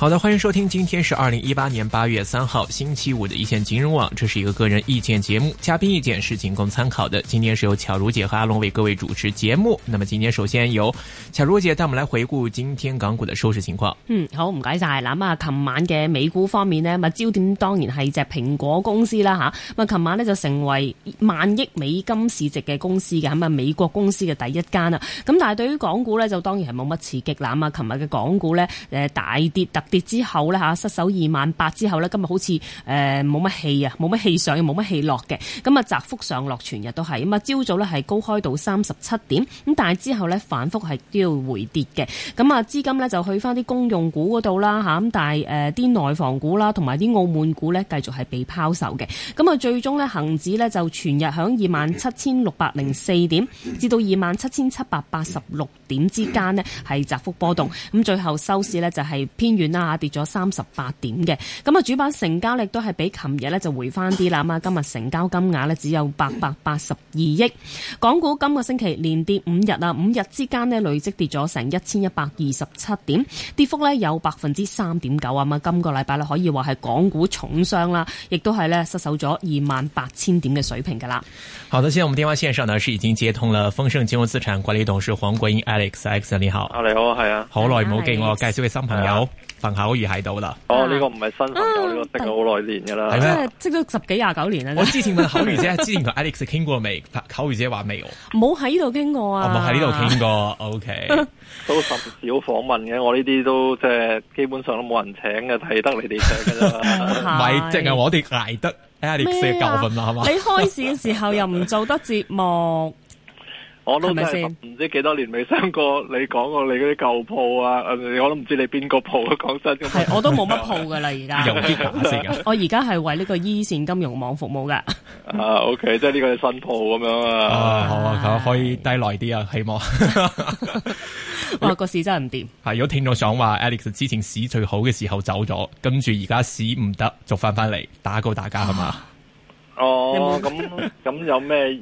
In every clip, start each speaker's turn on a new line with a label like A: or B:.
A: 好的，歡迎收聽，今天是二零一八年八月三號星期五的一線金融網，這是一個個人意見節目，嘉賓意見是僅供參考的。今天是由巧如姐和阿龍為各位主持節目。那麼今天首先由巧如姐帶我們來回顧今天港股的收市情況。
B: 嗯，好，唔該晒。嗱，咁啊，琴晚嘅美股方面呢，啊焦點當然係只蘋果公司啦，吓咁啊，琴晚呢就成為萬億美金市值嘅公司嘅咁啊美國公司嘅第一間啊。咁但係對於港股呢，就當然係冇乜刺激。嗱，咁啊，琴日嘅港股呢，誒大跌特跌之後呢，嚇，失守二萬八之後呢，今日好似誒冇乜氣啊，冇乜氣上嘅，冇乜氣落嘅。咁啊，窄幅上落全日都係咁啊。朝早呢係高開到三十七點，咁但係之後呢，反覆係都要回跌嘅。咁啊，資金呢就去翻啲公用股嗰度啦嚇，咁但係誒啲內房股啦，同埋啲澳門股呢，繼續係被拋售嘅。咁啊，最終呢，恒指呢就全日響二萬七千六百零四點至到二萬七千七百八十六點之間呢，係窄幅波動。咁最後收市呢，就係偏軟啦。下跌咗三十八點嘅，咁啊，主板成交力都係比琴日呢就回翻啲啦。咁啊，今日成交金額呢只有八百八十二億。港股今個星期連跌五日啊，五日之間呢累積跌咗成一千一百二十七點，跌幅呢有百分之三點九啊。咁啊，今個禮拜呢可以話係港股重傷啦，亦都係呢失守咗二萬八千點嘅水平噶啦。
A: 好的，現在我們電話線上呢是已經接通了豐盛金融資產管理董事黃國英 Alex，Alex，啊，你好，你好，係啊，好耐冇見，我介紹位新朋友。啊份口如喺度啦，哦，呢個唔係新份，呢個識咗好耐年噶啦，係咩？
B: 識咗十幾廿九年啦。我之前問口
A: 如姐，之前同 Alex 傾過未？口如姐話未，
B: 冇喺呢度傾過啊。我冇喺呢度傾過
A: ，OK。
C: 都甚少訪問嘅，我呢啲都即係基本上都冇人請嘅，睇得你哋請噶
B: 咋？唔係，淨係
A: 我哋挨得 Alex 嘅教訓啦，係嘛？你
B: 開始嘅時候又唔做得節目。我都係
C: 唔知幾多年未新過，你講過你嗰啲舊鋪啊，我都唔知你邊個鋪講真，係、啊 啊、 我都冇乜
B: 鋪噶啦，而家。我而家係為呢個二線金融網服務噶。啊、 uh,，OK，
A: 即係呢個係新鋪咁樣啊。啊、uh,，好啊，可以低耐啲啊，希望。
B: 哇，個市真係唔掂。
A: 係， 如果聽到想話，Alex 之前市最好嘅時候走咗，跟住而家市唔得，就翻翻嚟打告大家係嘛？
B: 哦、 uh, uh, 咁咁有
C: 咩？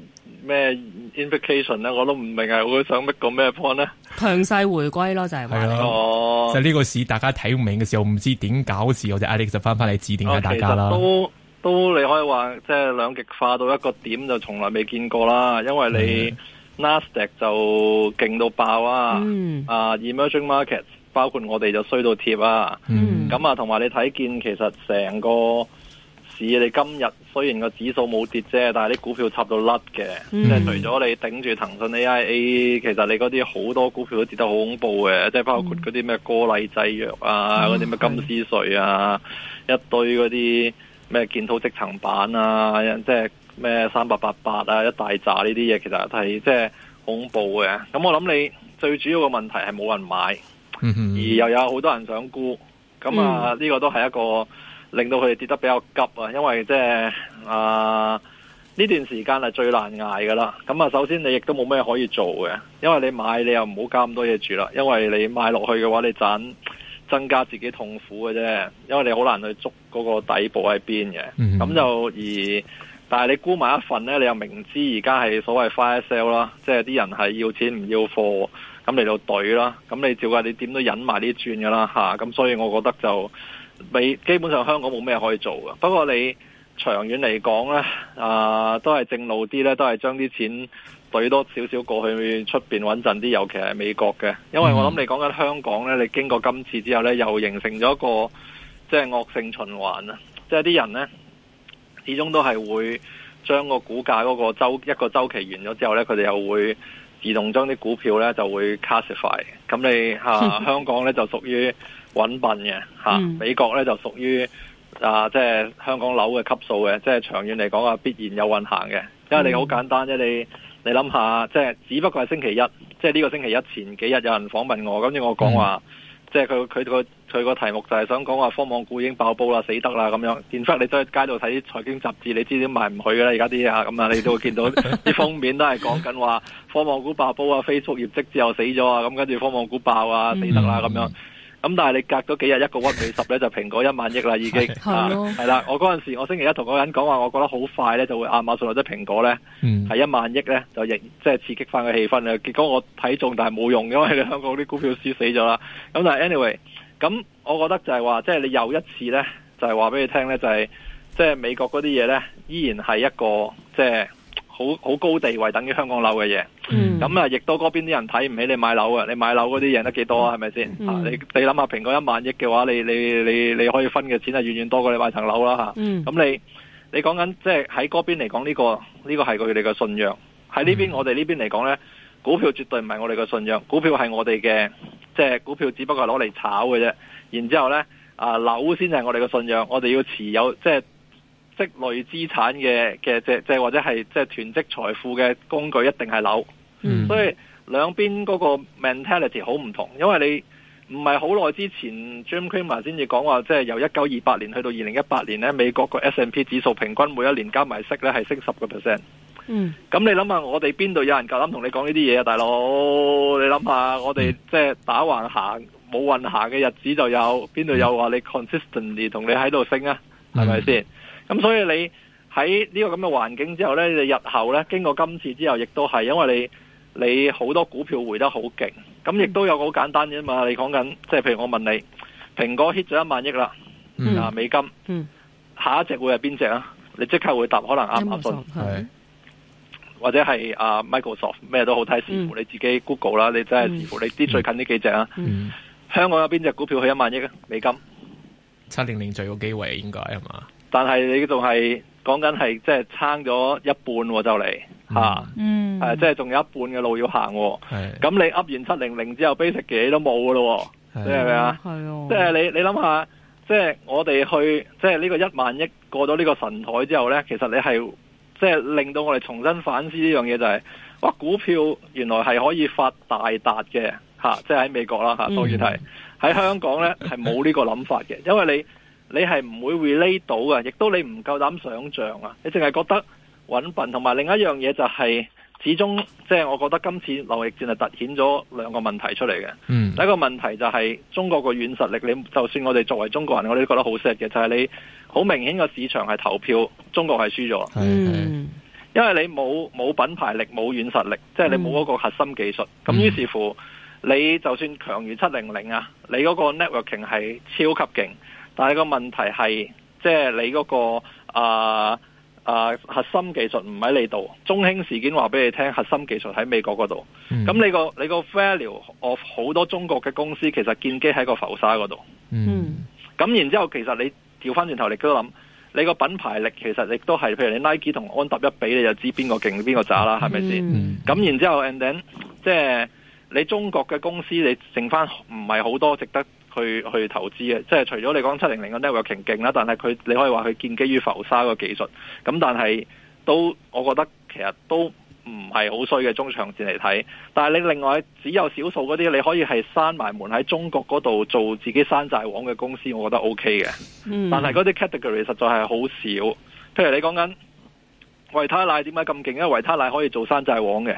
C: 咩 invocation 咧，我都唔明，係會想乜個咩 point 咧？
B: 強勢回歸咯，就係係
A: 咯，就呢、哦、個市大家睇唔明嘅時候，唔知點搞事，我哋 Alex 就翻翻嚟指點下大家啦、哦。都
C: 都，你可以話即係兩極化到一個點就從來未見過啦，因為你 Nasdaq 就勁到爆啊，
A: 嗯、
C: 啊，emerging markets 包括我哋就衰到貼啊，咁、嗯、啊，同、嗯、埋你睇見其實成個。你今日雖然個指數冇跌啫，但係啲股票插到甩嘅。即、嗯、係除咗你頂住騰訊 AIA，其實你嗰啲好多股票都跌得好恐怖嘅。即係包括嗰啲咩歌禮製藥啊，嗰啲咩金斯瑞啊，一堆嗰啲咩建滔積層板啊，即係咩三八八八啊，一大紮呢啲嘢，其實係即係恐怖嘅。咁我諗你最主要嘅問題係冇人買、嗯，而又有好多人想沽。
B: 咁啊，呢、嗯
C: 這個都係一個。令到佢哋跌得比較急啊，因為即係啊呢段時間係最難捱噶啦。咁啊，首先你亦都冇咩可以做嘅，因為你買你又唔好加咁多嘢住啦，因為你買落去嘅話，你盞增加自己痛苦嘅啫。因為你好難去捉嗰個底部喺邊嘅。咁、嗯嗯、就而，但係你沽埋一份呢，你又明知而家係所謂 fire sale 啦，即係啲人係要錢唔要貨，咁嚟到懟啦。咁你照計，你點都忍埋啲轉噶啦吓。咁所以，我覺得就。美基本上香港冇咩可以做嘅，不過你長遠嚟講呢啊，都係正路啲咧，都係將啲錢懟多少少過去出邊穩陣啲，尤其係美國嘅。因為我諗你講緊香港呢，你經過今次之後呢，又形成咗一個即係惡性循環啦，即係啲人呢，始終都係會將個股價嗰個周一個周期完咗之後呢，佢哋又會自動將啲股票呢，就會 classify 咁你，啊， 香港呢就屬於。搵笨嘅嚇、嗯，美國咧就屬於啊，即係香港樓嘅級數嘅，即係長遠嚟講啊，必然有運行嘅、嗯。因為你好簡單啫，你你諗下，即係只不過係星期一，即係呢個星期一前幾日有人訪問我，跟住我講話，即係佢佢個佢個題目就係想講話科網股已經爆煲啦，死得啦咁樣。變忽你都喺街度睇財經雜誌，你知點賣唔去噶啦，而家啲啊咁啊，你都會見到啲 封面都係講緊話科網股爆煲啊，Facebook 業績之後死咗啊，咁跟住科網股爆啊，死得啦咁樣。咁但係你隔咗幾日一個屈尾十咧，就蘋果一萬億啦，已經係啦、 啊、 我嗰陣時我星期一同嗰個人講話，我覺得好快咧就會亞馬遜或者蘋果咧係 一萬億咧，就亦即係刺激翻個氣氛啊，結果我睇中，但係冇用，因為香港啲股票輸死咗啦。咁但係 anyway 咁我覺得就係話，即係你又一次咧就係話俾你聽，咧就係即係美國嗰啲嘢咧，依然係一個即係好好高地位，等於香港樓嘅嘢。咁、嗯、啊，亦都嗰邊啲人睇唔起你買樓啊。你買樓嗰啲贏得幾多啊？係咪先？你你諗下，蘋果一萬億嘅話，你你你你可以分嘅錢係遠遠多過你買層樓啦吓。咁、嗯啊、你你講緊即係喺嗰邊嚟講呢個呢、呢個係佢哋嘅信仰。喺呢邊我哋呢邊嚟講呢，股票絕對唔係我哋嘅信仰，股票係我哋嘅即係股票只不過攞嚟炒嘅啫。然之後咧啊，樓先係我哋嘅信仰，我哋要持有即係積累資產嘅嘅即即或者係即係囤積財富嘅工具一定係樓。嗯、所以兩邊嗰個 mentality 好唔同，因為你唔係好耐之前，Jim Cramer 先至講話，即係由一九二八年去到二零一八年咧，美國個 S&P 指數平均每一年加埋息咧係升十個 percent。嗯，咁你諗下，我哋邊度有人夠膽同你講呢啲嘢啊，大佬？你諗下，我、嗯、哋即係打橫行、冇運行嘅日子就有，邊度有話你 consistently 同你喺度升啊？係咪先？咁、嗯、所以你喺呢個咁嘅環境之後咧，你日後咧經過今次之後，亦都係因為你。你好多股票回得好勁，咁亦都有個好簡單嘅嘛。你講緊，即係譬如我問你，蘋果 hit 咗一萬億啦，啊、嗯、美金，嗯嗯、下一隻會係邊隻啊？你即刻會答，可能啱唔啱數？或者係啊、uh，Microsoft 咩都好，睇視乎你自己 Google 啦、嗯，你真係視乎你啲最近呢幾隻啊、嗯嗯？香港有邊隻股票去一萬億啊？美金
A: 七零零最有機會，應該係嘛？
C: 但係你仲係。講緊係即係撐咗一半就嚟
D: 吓，即係
C: 仲有一半嘅路要行、啊。咁你噏完七零零之後，basic 幾都冇㗎喇，
D: 你係咪啊？即
C: 係你你諗下，即係我哋去即係呢個一萬億過咗呢個神枱之後咧，其實你係即係令到我哋重新反思呢樣嘢就係、係，哇，股票原來係可以發大達嘅吓，即係喺美國啦吓，當然係喺香港咧係冇呢個諗法嘅， 因為你。你係唔會會 relate 到啊，亦都你唔夠膽想象啊！你淨係覺得揾笨，同埋另一樣嘢就係，始終即係、就是、我覺得今次貿易戰係突顯咗兩個問題出嚟嘅、嗯。第一個問題就係中國個軟實力，你就算我哋作為中國人，我哋都覺得好錫嘅，就係、是、你好明顯個市場係投票中國係輸咗、嗯，因為你冇冇品牌力、冇軟實力，即、就、係、是、你冇嗰個核心技術。咁、嗯、於是乎你就算強如七零零啊，你嗰個 networking 係超級勁。但係個問題係，即係你嗰、那個啊啊核心技術唔喺你度，中興事件話俾你聽，核心技術喺美國嗰度。咁、嗯、你個你個 value，我好多中國嘅公司其實建基喺個浮沙嗰度。嗯，咁、嗯、然之後其實你調翻轉頭，你都諗你個品牌力其實亦都係，譬如你 Nike 同安踏一比，你就知邊個勁邊個渣啦，係咪先？咁、嗯、然之後，and then 即係你中國嘅公司，你剩翻唔係好多值得。去去投資嘅，即係除咗你講七零零個 Netflix 勁啦，但係佢你可以話佢建基於浮沙個技術，咁但係都我覺得其實都唔係好衰嘅，中長線嚟睇。但係你另外只有少數嗰啲你可以係閂埋門喺中國嗰度做自己山寨王嘅公司，我覺得 O K 嘅。嗯，但係嗰啲 category 實在係好少。譬如你講緊維他奶點解咁勁？因為維他奶可以做山寨王嘅。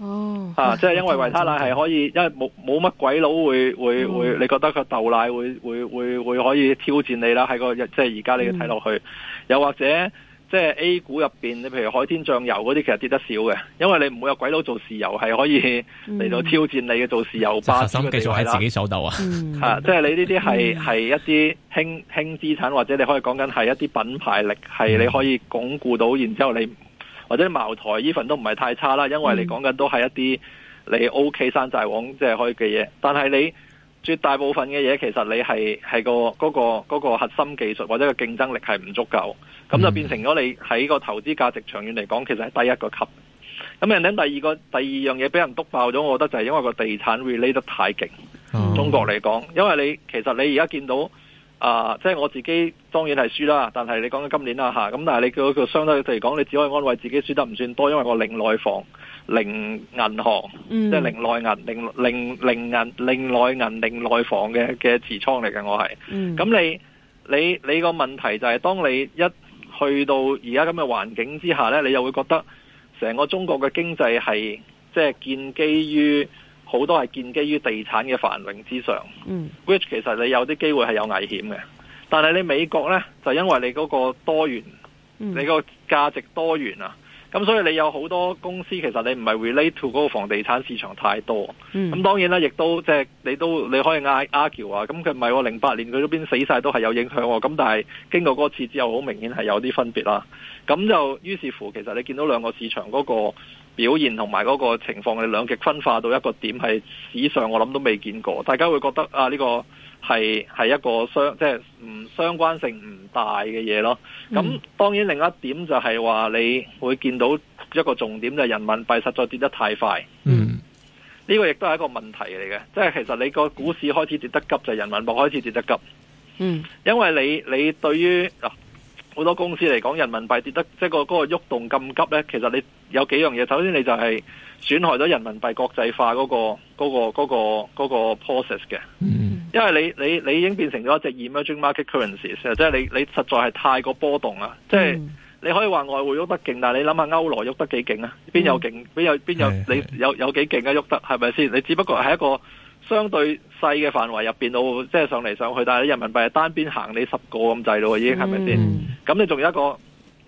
D: 哦，吓，即係因為維他奶係可
C: 以，因為冇冇乜鬼佬會會會、嗯，你覺得個豆奶會會會會可以挑戰你啦？喺個即係而家你嘅睇落去、嗯，又或者即係 A 股入邊，你譬如海天醬油嗰啲，其實跌得少嘅，因為你唔會有鬼佬做豉油係可以嚟到挑戰你嘅、嗯、做豉油巴嗰啲地方啦。核心繼續喺自己手度啊，吓、啊嗯啊嗯，即係你呢啲係係一啲輕輕資產，或者你可以講緊係一啲品牌力，係你可以鞏固到，嗯、然之後你。或者茅台呢份都唔係太差啦，因為你講緊都係一啲你 OK 山寨王即係可以嘅嘢，但係你絕大部分嘅嘢其實你係係、嗰個、嗰個、嗰個嗰核心技術或者個競爭力係唔足夠，咁就變成咗你喺個投資價值長遠嚟講其實係低一個級，咁人哋第二個第二樣嘢俾人篤爆咗，我覺得就係因為個地產 relate 得太勁，中國嚟講，因為你其實你而家見到。啊，即係我自己，當然係輸啦。但係你講緊今年啦吓，咁但係你叫佢相對嚟講，你只可以安慰自己，輸得唔算多，因為我零內房、零銀行，即、嗯、
D: 係、就係、零
C: 內銀、零零零銀、零內銀、零內房嘅嘅持倉嚟嘅，我係。咁、嗯、你你你個問題就係、係，當你一去到而家咁嘅環境之下呢，你又會覺得成個中國嘅經濟係即係建基於。好多係建基於地產嘅繁榮之上、嗯、which 其實你有啲機會係有危險嘅。但係你美國呢，就因為你嗰個多元，嗯、你個價值多元啊，咁所以你有好多公司其實你唔係 relate to 嗰個房地產市場太多。咁、嗯、當然啦，亦都即係、就是、你都你可以 argue 啊，咁佢唔係喎，零八年佢嗰邊死晒都係有影響喎、哦。咁但係經過嗰次之後，好明顯係有啲分別啦。咁就於是乎，其實你見到兩個市場嗰、那個。表現同埋嗰個情況嘅兩極分化到一個點係史上我諗都未見過，大家會覺得啊，呢個係係一個相即係唔相關性唔大嘅嘢咯。咁當然另一點就係話你會見到一個重點就係人民幣實在跌得太快。嗯，呢個亦都係一個問題嚟嘅，即係其實你個股市開始跌得急就係人民幣開始跌得急。
D: 嗯，
C: 因為你你對於。啊好多公司嚟講，人民幣跌得即係個嗰個喐動咁急呢。其實你有幾樣嘢。首先，你就係損害咗人民幣國際化嗰個嗰個嗰個嗰個 process 嘅。嗯，因為你你你已經變成咗一隻 emerging market currencies，即係你你實在係太過波動啦、嗯。即係你可以話外匯喐得勁，但係你諗下歐羅喐得幾勁啊？邊有勁？邊有邊有、嗯？你有你有幾勁啊？喐得係咪先？你只不過係一個。相對細嘅範圍入邊，到即係上嚟上去，但係你人民幣係單邊行，你十個咁滯咯，已經係咪先？咁、嗯、你仲有一個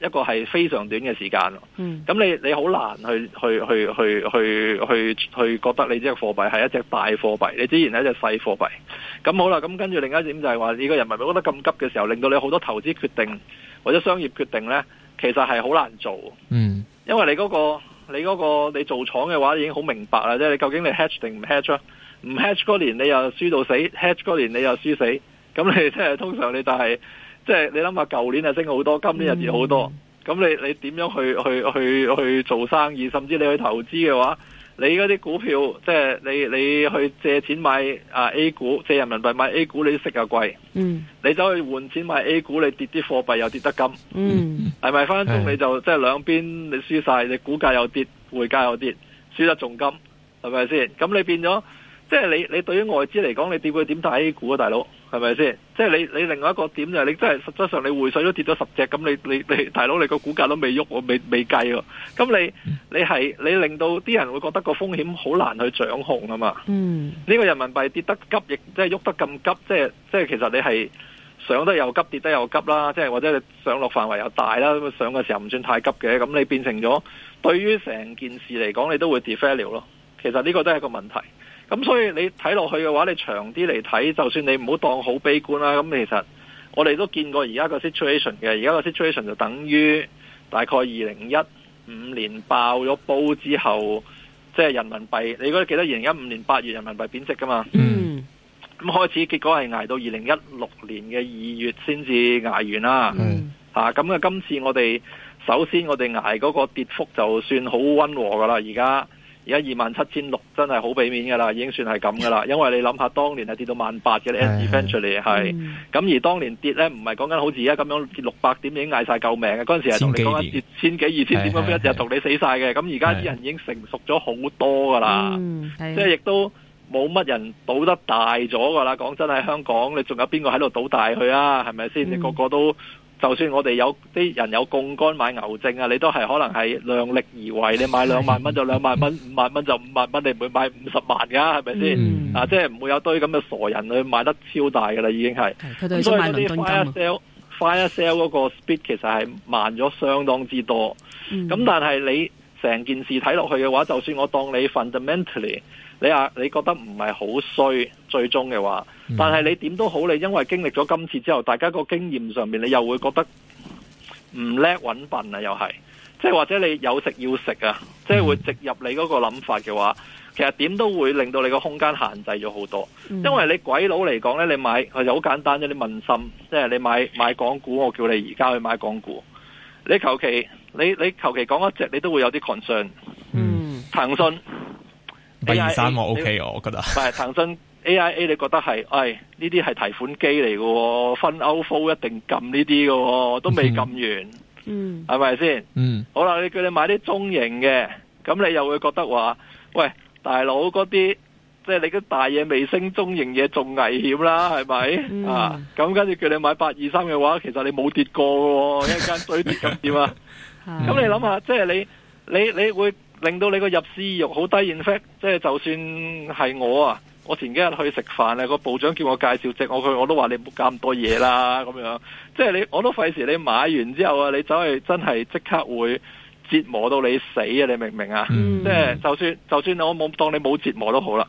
C: 一個係非常短嘅時間咯。咁、嗯、你你好難去去去去去去去覺得你隻貨幣係一隻大貨幣，你之前係一隻細貨幣。咁好啦，咁跟住另一點就係話，呢個人民幣覺得咁急嘅時候，令到你好多投資決定或者商業決定呢，其實係好難做。嗯，因為你嗰、那個你嗰、那個你做廠嘅話，已經好明白啦，即係你究竟你 hedge 定唔 hedge 啊？唔 hedge 嗰年你又輸到死，hedge 嗰年你又輸死，咁你即係通常你就係即係你諗下，舊年係升好多，今年又跌好多，咁你你點樣去去去去做生意，甚至你去投資嘅話，你嗰啲股票即係你你去借錢買啊 A 股，借人民幣買 A 股你息又貴，嗯，你走去換錢買 A 股，你跌啲貨幣又跌得金，嗯，係咪？分分鐘你就即係兩邊你輸晒，你股價又跌，匯價又跌，輸得仲金，係咪先？咁你變咗。即係你你對於外資嚟講，你點會點睇股啊，大佬係咪先？即係你你另外一個點就係你真係實質上你匯水都跌咗十隻，咁你你你大佬你個股價都未喐，未未計喎。咁你你係你令到啲人會覺得個風險好難去掌控啊嘛。嗯，呢個人民幣跌得急，亦即係喐得咁急，即係即係其實你係上得又急，跌得又急啦。即係或者你上落範圍又大啦，咁上嘅時候唔算太急嘅。咁你變成咗對於成件事嚟講，你都會 defail 了咯。其實呢個都係一個問題。咁所以你睇落去嘅話，你長啲嚟睇，就算你唔好當好悲觀啦。咁其實我哋都見過而家個 situation 嘅，而家個 situation 就等於大概二零一五年爆咗煲之後，即係人民幣。你記得二零一五年八月人民幣貶值嘛？嗯。
D: 咁
C: 開始，結果係挨到二零一六年嘅二月先至挨完啦。嗯。咁啊，今次我哋首先我哋挨嗰個跌幅就算好溫和噶啦，而家。而家二萬七千六真係好俾面㗎啦，已經算係咁㗎啦。因為你諗下，當年係跌到萬八嘅，eventually 係。咁、嗯、而當年跌咧，唔係講緊好似而家咁樣跌六百點已經嗌曬救命嘅嗰陣時，係同你講緊跌 1, 千幾二千點咁樣，一日同你死曬嘅。咁而家啲人已經成熟咗好多㗎啦，即係亦都冇乜人賭得大咗㗎啦。講真喺香港，你仲有邊個喺度賭大佢啊？係咪先？嗯、你個個都。就算我哋有啲人有槓桿買牛證啊，你都係可能係量力而為。你買兩萬蚊就兩萬蚊，五萬蚊就五萬蚊，你唔會買五十萬噶，啊，係咪先？啊，即係唔會有堆咁嘅傻人去買得超大噶啦，已經係。咁所以嗰啲 fire sale，啊、fire sale 嗰個 speed 其實係慢咗相當之多。
D: 咁，嗯、但
C: 係你成件事睇落去嘅話，就算我當你 fundamentally。你啊，你覺得唔係好衰，最終嘅話，但係你點都好，你因為經歷咗今次之後，大家個經驗上面，你又會覺得唔叻穩笨啊，又係，即係或者你有食要食啊，即係會植入你嗰個諗法嘅話，其實點都會令到你個空間限制咗好多，因為你鬼佬嚟講呢，你買就好簡單，啫。你問心，即係你買買港股，我叫你而家去買港股，你求其你你求其講一隻，你都會有啲 concern，嗯，騰訊。八二三我 OK，我覺得。唔係騰訊 AIA，你覺得係？哎，呢啲係提款機嚟嘅、哦，分歐 full 一定撳呢啲嘅，都未撳完。嗯，係咪先？嗯，好啦，你叫你買啲中型嘅，咁你又會覺得話，喂，大佬嗰啲，即係、就是、你啲大嘢未升，中型嘢仲危險啦，係咪、嗯？啊，咁跟住叫你買八二三嘅話，其實你冇跌過嘅、哦， 一間最跌咁點啊？
D: 咁、嗯、你諗
C: 下，即、就、係、是、你你你，你會？令到你個入市意欲好低 in fact 即係就算係我啊，我前幾日去食飯啊，個部長叫我介紹隻我佢，我都話你冇咁多嘢啦，咁樣，即係你我都費事。你買完之後啊，你走去真係即刻會折磨到你死啊！你明唔明啊？Mm. 即係就算就算我冇當你冇折磨都好啦，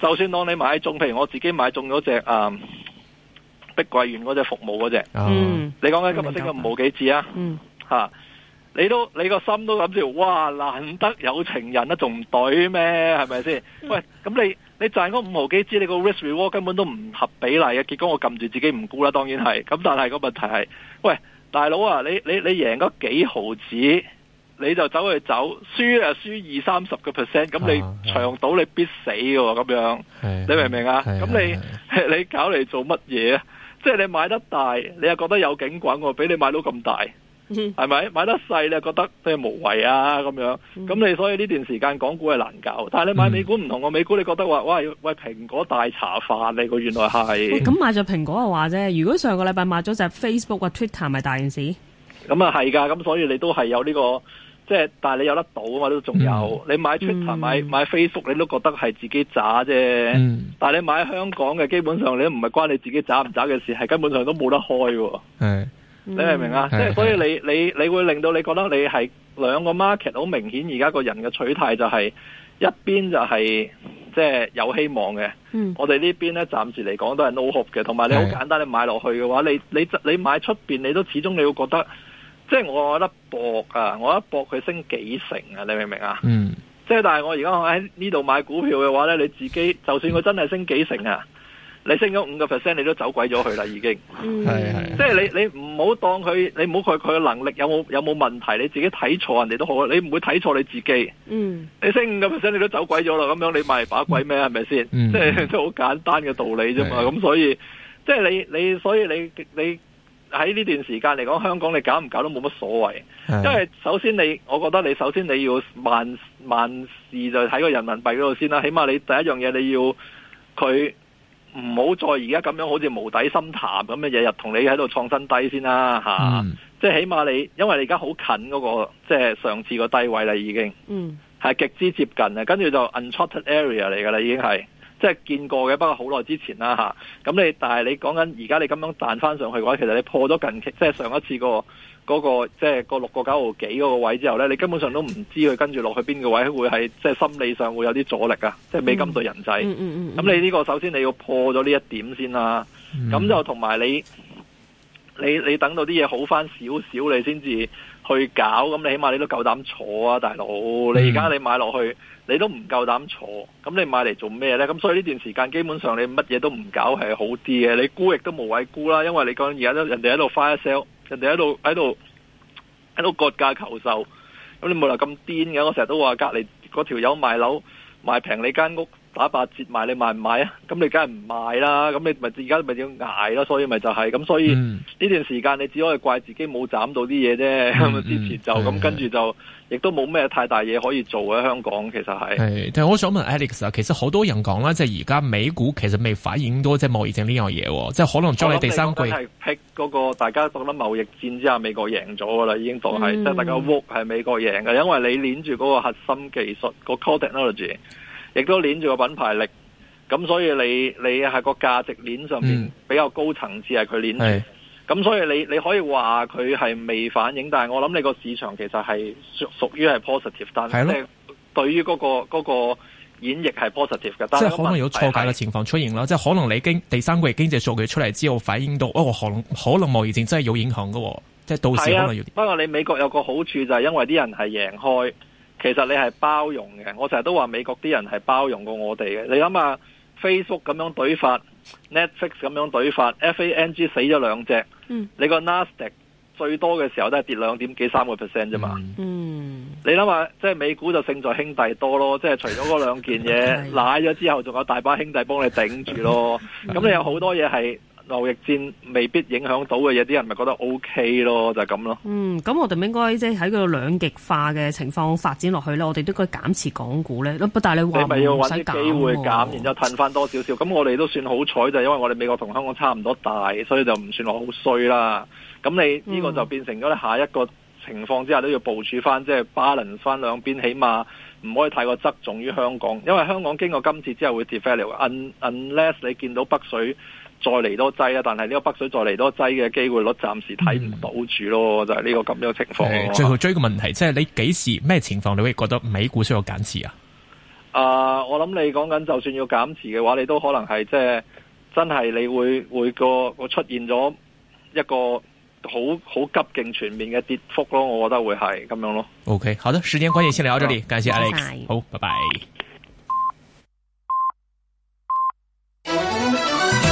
C: 就算當你買中，譬如我自己買中嗰隻啊碧桂園嗰隻服務嗰隻，mm. 你講緊今日升咗冇幾次、mm. 啊？吓！你都你個心都諗住，哇！難得有情人啦，啊，仲唔對咩？係咪先？ 喂，咁你你賺嗰五毫幾，支，你個 risk reward 根本都唔合比例嘅，結果我撳住自己唔沽啦，當然係。咁但係個問題係，喂，大佬啊，你你你贏嗰幾毫子，你就走去走，輸啊輸二三十個 percent，咁你長賭你必死嘅喎，咁樣、啊、你明唔明啊？咁你你搞嚟做乜嘢啊？即係你買得大，你又覺得有景滾喎，比你買到咁大。係咪 買得細你就覺得即係無謂啊咁樣？咁、嗯、你所以呢段時間港股係難搞，但係你買美股唔同，個美股你覺得話哇要喂蘋果大茶飯你個原來係。咁、嗯、
B: 買咗蘋果嘅話啫，如果上個禮拜買咗隻 Facebook 個 Twitter 咪大件事。
C: 咁啊係噶，咁、嗯、所以你都係有呢、這個即係、就是，但係你有得到啊嘛，都仲有、嗯。你買 Twitter 買買 Facebook 你都覺得係自己渣啫、嗯，但係你買香港嘅基本上你都唔係關你自己渣唔渣嘅事，係根本上都冇得開。係。
D: 你明唔明啊？嗯，即係所以
C: 你你你會令到你覺得你係兩個 market 好明顯，而家個人嘅取態就係一邊就係即係有希望嘅。嗯，我哋呢邊咧暫時嚟講都係 no hope 嘅，同埋你好簡單你買落去嘅話，你你你買出面你都始終你會覺得，即係我覺得搏啊，我一搏佢升幾成啊？你明唔明啊？嗯，即係但係我而家喺呢度買股票嘅話咧，你自己就算佢真係升幾成啊？你升咗五個 percent，你都走鬼咗佢啦，已經。係係，即係你你唔好當佢，你唔好佢佢嘅能力有冇有冇問題，你自己睇錯人哋都好，你唔會睇錯你自己。
D: 嗯，
C: 你升五個 percent，你都走鬼咗啦，咁樣你賣把鬼咩？係、嗯、咪先？嗯、即係即係好簡單嘅道理啫嘛。咁、嗯、所以即係、就是、你你所以你你喺呢段時間嚟講，香港你搞唔搞都冇乜所謂，嗯。因為首先你，我覺得你首先你要萬萬事就睇個人民幣嗰度先啦。起碼你第一樣嘢你要佢。唔好再而家咁樣，好似無底深潭咁嘅，日日同你喺度創新低先啦嚇。即係起碼你，因為你而家好近嗰個，即係上次個低位啦已經。嗯，係極之接近啊。跟住就 uncharted area 嚟㗎啦，已經係即係見過嘅，不過好耐之前啦嚇。咁你但係你講緊而家你咁樣彈翻上去嘅話，其實你破咗近期即係上一次個。嗰個即係個六個九毫幾嗰個位之後呢，你根本上都唔知佢跟住落去邊個位會係即係心理上會有啲阻力啊！即係美金對人仔，咁你呢個首先你要破咗呢一點先啦。咁就同埋你，你你等到啲嘢好翻少少，你先至去搞。咁你起碼你都夠膽坐啊，大佬！你而家你買落去，你都唔夠膽坐。咁你買嚟做咩呢？咁所以呢段時間基本上你乜嘢都唔搞係好啲嘅。你沽亦都無謂沽啦，因為你講而家都人哋喺度 fire sale 人哋喺度喺度喺度割價求售，咁你冇理由咁癲嘅。我成日都話隔離條友賣樓賣平你間屋。打八折賣你賣唔賣啊？咁你梗係唔賣啦，咁你咪而家咪要挨咯，所以咪就係、是、咁。所以呢段時間你只可以怪自己冇斬到啲嘢啫。之前就咁，嗯嗯是是是，跟住就亦都冇咩太大嘢可以做喺香港。其實係。
A: 係，但係我想問 Alex 啊，其實好多人講啦，即係而家美股其實未反映多即係貿易戰呢樣嘢，即係可能將你第三季、那個。係
C: 劈嗰個大家覺得貿易戰之下，美國贏咗噶啦，已經係、就是嗯、即係大家屋 o 係美國贏嘅，因為你捻住嗰個核心技術、個 technology。亦都捻住個品牌力，咁所以你你係個價值鏈上面比較高層次係佢捻住，咁、嗯、所以你你可以話佢係未反映，但係我諗你個市場其實係屬屬於係 positive，是但係即係對於嗰個嗰、嗰個演繹係 positive 嘅，即係可能有錯解
A: 嘅情況出現啦，即係可能你經第三季經濟數據出嚟之後反映到哦，可能可能貿易戰真係有影響噶，即係到時可能要，
C: 不過你美國有個好處就係因為啲人係贏開。其實你係包容嘅，我成日都話美國啲人係包容過我哋嘅。你諗下 Facebook 咁樣懟法，Netflix 咁樣懟法，FAANG 死咗兩隻，你個 Nasdaq 最多嘅時候都係跌兩點幾三個 percent 啫嘛。嗯，你諗下、嗯，即係美股就勝在兄弟多咯，即係除咗嗰兩件嘢 奶咗之後，仲有大把兄弟幫你頂住咯。咁你有好多嘢係。貿易戰未必影響到嘅嘢，啲人咪覺得 OK 咯，就係咁咯。嗯，
B: 咁我哋咪應該即係喺嗰個兩極化嘅情況發展落去咧，我哋都應該減持港股咧。不，但你你你咪要搵啲機會減，
C: 啊、然之後褪翻多少少。咁我哋都算好彩，就係因為我哋美國同香港差唔多大，所以就唔算話好衰啦。咁你呢個就變成咗下一個情況之下都要部署翻，即係 balance 翻兩邊，起碼唔可以太過側重於香港，因為香港經過今次之後會跌 value，unless 你見到北水。再嚟多劑啊！但係呢個北水再嚟多劑嘅機會率，暫時睇唔到住咯，嗯、就係、是、呢個咁樣情況、嗯。最後
A: 追一個問題，即係你幾時咩情況你會覺得美股需要減持啊？
C: 啊、呃，我諗你講緊就算要減持嘅話，你都可能係即係真係你會會個出現咗一個好好急勁全面嘅跌幅咯，我覺得會係咁樣咯。
A: OK，好的，時間關係先聊到這裡，感謝 Alex，謝謝，好，拜拜。